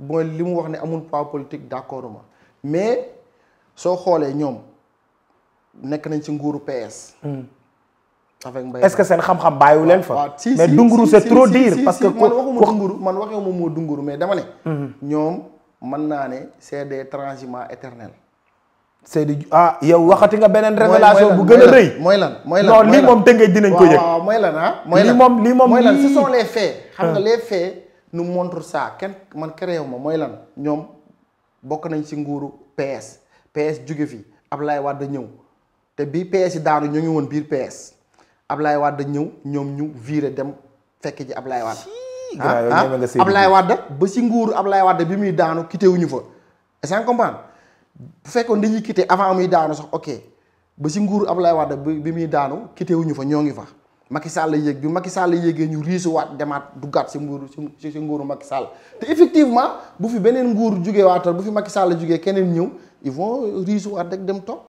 mooy li mu wax ne amul poids politique d'accord ma mais soo xoolee ñoom nekk nañ ci nguuru PS. Hmm. avec Mbaye est-ce que seen xam-xam bàyyiwu leen fa. mais dunguru c'est trop dire parce que man waxuma dunguru man waxee moom moo dunguru mais dama ne. Hmm. ñoom mën naa ne c'est des transhumants éternels. c'est du ah yow waxati nga beneen révélation bu gën a rëy mooy lan mooy lan non lii moom tënkee mooy lan ah, lii moom lii moom mooy lan xam nga hmm. les faits. nu montre ça kenn man créé ma mooy lan ñoom bokk nañ si nguuru PS PS jóge fi Ablaye Wade ñëw te bi PS yi daanu ñoo ngi woon biir PS Ablaye Wade ñëw ñoom ñu viré dem fekk ji Ablaye Wade. ah, ah Ablaye Wade ba ci nguuru Ablaye Wade bi muy daanu quitté wuñu fa. est-ce que comprendre bu fekkoon dañuy quitté avant muy daanu sax ok ba ci nguuru Ablaye Wade bi muy daanu quitté wuñu fa ñoo ngi fa. Macky Sall yéeg bi Macky Sall yéegee ñu riisuwaat demaat duggaat si nguuru si si nguuru Macky Sall te effectivement bu fi beneen nguur jugee waatal bu fi Macky la jugee keneen ñëw ils vont riisuwaat rek dem toog.